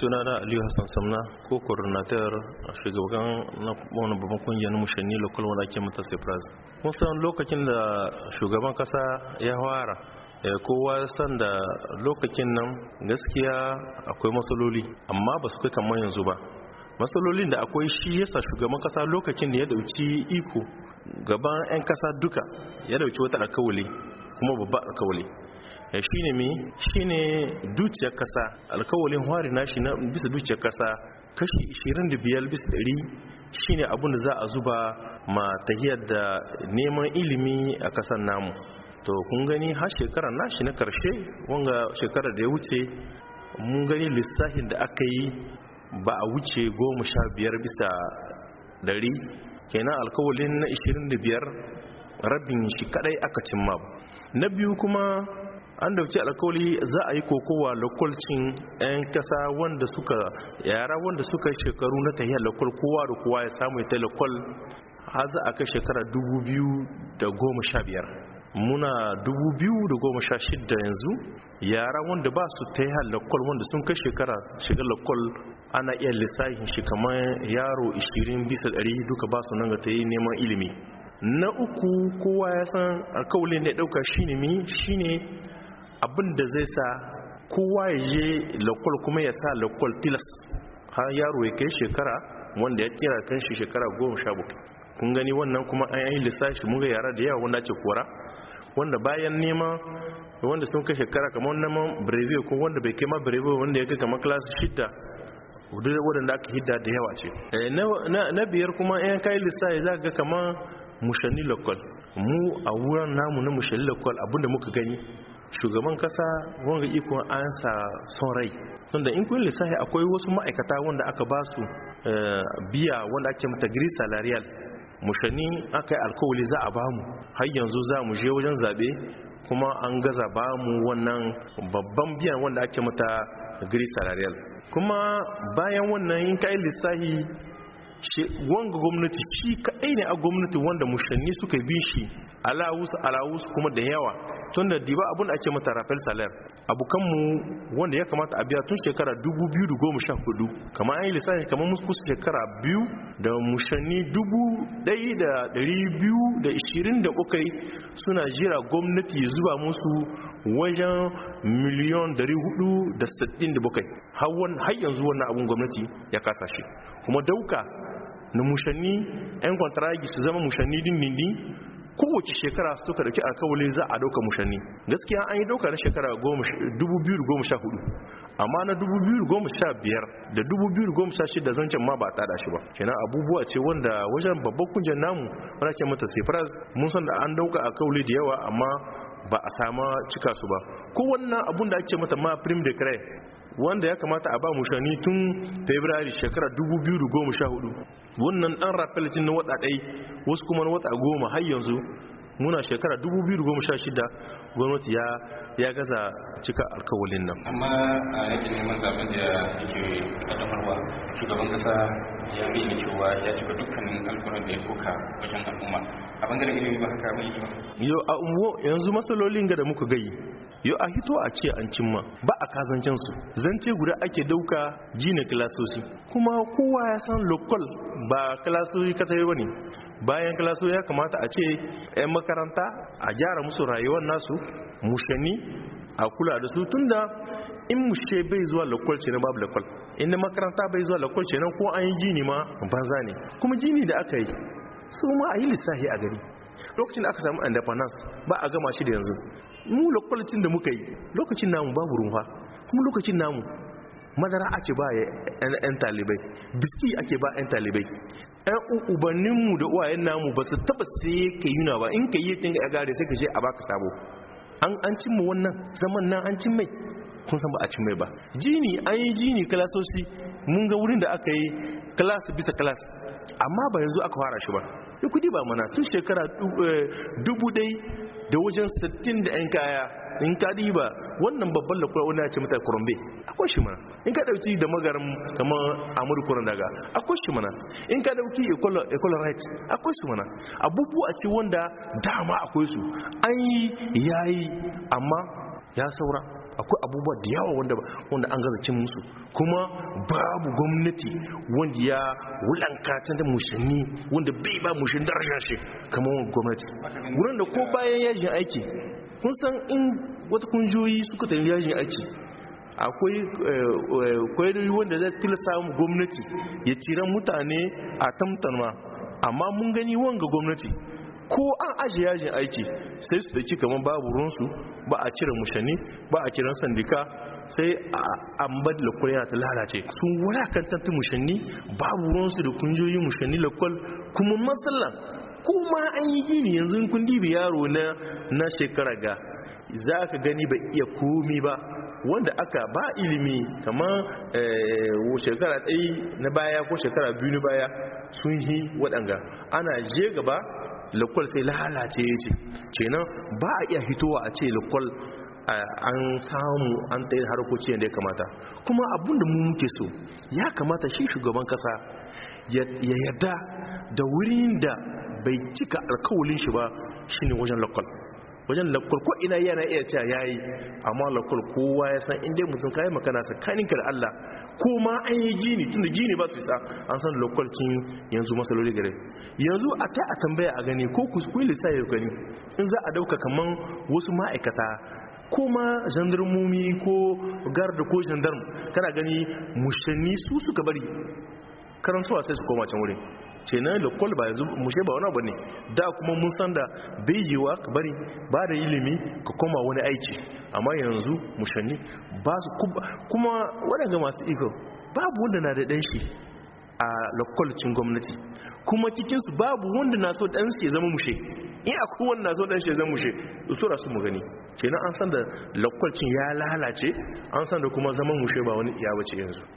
sunana aliyu hassan samna ko coordinator a shugaban na wani babban kungiyar mushanni local wanda ake mata surprise kun san lokacin da shugaban kasa ya fara eh, kowa san da lokacin nan gaskiya akwai matsaloli amma ba su kai kamar yanzu ba matsalolin da akwai shi yasa shugaban kasa lokacin da ya dauki iko gaban 'yan kasa duka ya dauki wata alkawali kuma babba alkawali Eh, shine shi ne dukiyar kasa alkawalin hwari nashi na bisa dukiyar kasa kashi 25 bisa shi shine abin da za a zuba ma ta da neman ilimi a kasar namu to kun gani har shekarar nashi na karshe wanga shekarar da ya wuce mun gani lissafin da aka yi ba a wuce goma sha biyar bisa dari kenan alkawalin na 25 rabin shi kadai aka cimma na biyu kuma an dauki alkawali za a yi kokowa lokolcin 'yan kasa wanda suka yara wanda suka shekaru na tahiyar lokol kowa da kowa ya samu ita lokol A za a kai shekara 2015 muna 2016 yanzu yara wanda ba su tahiyar lokol wanda sun kai shekara shiga lokol ana iya lissafin shi kamar yaro 20 bisa 100 duka ba su nan ga ta yi neman ilimi na uku kowa ya san alkawalin da ya dauka shi ne. abin da zai sa kowa ya je lakwal kuma ya sa lakwal tilas har yaro ya kai shekara wanda ya kira kan shi shekara goma sha bakwai kun gani wannan kuma an yi lissafi mun ga yara da yawa wanda ake kora wanda bayan nema wanda sun kai shekara kamar man brevio ko wanda bai kai ma brevio wanda ya kai kamar class shida duk wadanda aka hidda da yawa ce eh, na biyar kuma yan kayi lissafi za ga kamar mushani lokal mu a wuran namu na mushani lokal abinda muka gani shugaban kasa wanga ikon an son rai tunda in kun lissafi akwai wasu ma'aikata wanda aka ba su eh, biya wanda ake mata gris salarial mushani aka yi alkawali za a bamu har yanzu za mu je wajen zabe kuma an gaza bamu wannan babban biyan wanda ake mata gris salarial kuma bayan wannan in ka yi lissafi wanga gwamnati shi kaɗai ne a gwamnati wanda mushanni suka bi shi alawus alawus kuma da yawa tun da diba abin da ake mata rafel saler abokanmu wanda ya kamata a biya tun shekara 2014 kamar an yi lissafi kamar musu kusa shekara biyu da mushanni 1,223 suna jira gwamnati zuba musu wajen miliyon 467 har yanzu wannan abin gwamnati ya kasa shi kuma dauka na mushanni 'yan kwantaragi su zama mushanni din kowace shekara suka dauki alkawali za a dauka mushanni gaskiya an yi dauka na shekara 2014 amma na 2015 da 2016 zancen ma ba a tada shi ba kenan abubuwa ce wanda wajen babban kungiyar namu wanda ce mata sefras mun san da an dauka alkawali da yawa amma ba a sama cika su ba ko wannan abun da ake mata ma prim de wanda ya kamata a ba mu shani tun february shekara 2014 wannan dan rappel na wata ɗai wasu kuma na wata goma har yanzu muna shekara 2016 gwamnati ya ya gaza cika alkawalin nan amma a yake neman zaben da yake a shugaban kasa ya bayyana cewa ya cika dukkanin alkuran da ya koka wajen al'umma a bangaren ilimi ba haka yi ba yo a umwo yanzu masalolin ga da muka gai yo a hito a ce an cimma ba a kazancen su zance guda ake dauka jina kilasosi kuma kowa ya san lokal ba kilasosi yi bane bayan kilasosi ya kamata a ce 'yan makaranta a gyara musu rayuwar nasu mushani a kula da su tunda in mushe bai zuwa lokal ce na babu lokal in makaranta bai zuwa lakon nan ko an yi gini ma banza ne kuma gini da aka yi su ma a yi lissafi a gari lokacin da aka samu independence ba a gama shi da yanzu mu lokacin da muka yi lokacin namu babu rumfa kuma lokacin namu madara ake ba yan talibai biski ake ba yan talibai yan ubaninmu da uwayen namu ba su taba sai ka yuna ba in ka yi yakin a gare sai ka je a baka sabo an cimma wannan zaman nan an cin mai kun san ba a ci mai ba jini an yi jini kalasoshi mun ga wurin da aka yi kalas bisa kalas amma ba yanzu aka fara shi ba ya kudi ba mana tun shekara eh, dubu dai da wajen 60 da 'yan kaya in ka ba wannan babban lakura wani ya ce mata kurambe akwai shi mana in ka dauki da magarin kamar amur kuran daga akwai shi mana in ka dauki ekolo right akwai shi mana abubuwa ce wanda dama akwai su an yi yayi amma ya saura akwai abubuwa da yawa wanda an gaza cin musu kuma babu gwamnati wanda ya wulanka da mushanni wanda bai ba mushin darajar shi kamar gwamnati wurin da ko bayan yajin aiki kun san in wata kunjoyi suka tafi yajin aiki akwai eh, eh, kwayoyi wanda zai tilasa gwamnati ya cira mutane a tamtanma amma mun gani wanga gwamnati ko an aji yajin aiki sai su daki kamar babu ruwansu ba a cire mushani ba a kiran sandika sai a ambad lakwal yana ta lalace sun kan ta mushani babu ruwansu da kunjoyi mushani lakwal kuma matsala kuma an yi gini yanzu kun dibi yaro na na shekara ga za ka gani ba iya komi ba wanda aka ba ilimi kamar eh, shekara ɗaya na baya ko shekara biyu na baya sun yi waɗanga ana je gaba lakwal sai lalace ya ce kenan ba a iya hitowa a ce lakwal eh, an samu an tsaye harkoci yadda ya kamata kuma abinda da mu muke so ya kamata shi shugaban kasa ya yarda da wurin da bai cika alkawalin shi ba shi ne wajen lakwal wajen lakwal ko ina yana iya cewa yayi amma lakwal kowa ya san inda mutum kayan makana tsakaninka da Allah ko ma an yi gini tunda gini ba su isa an san lokacin yanzu masaloli gare yanzu a ta a tambaya a gani ko ku sa ya gani in za a dauka kaman wasu ma'aikata ko ma jandarmomi ko garda ko jandarmu kana gani mushanni su suka bari karantuwa sai su koma can wurin ce na lokal ba yanzu mushe ba wani abu da kuma mun san da bai yiwa ka bari ba da ilimi ka koma wani aiki amma yanzu mushanni ba su kuma waɗanda masu iko babu wanda na da ɗan shi a lokacin gwamnati kuma cikinsu babu wanda na so ɗan ya zama mushe in akwai wanda na so ɗan ya zama mushe usura su mu gani kenan an san da lokacin ya lalace an san da kuma zama mushe ba wani iya bace yanzu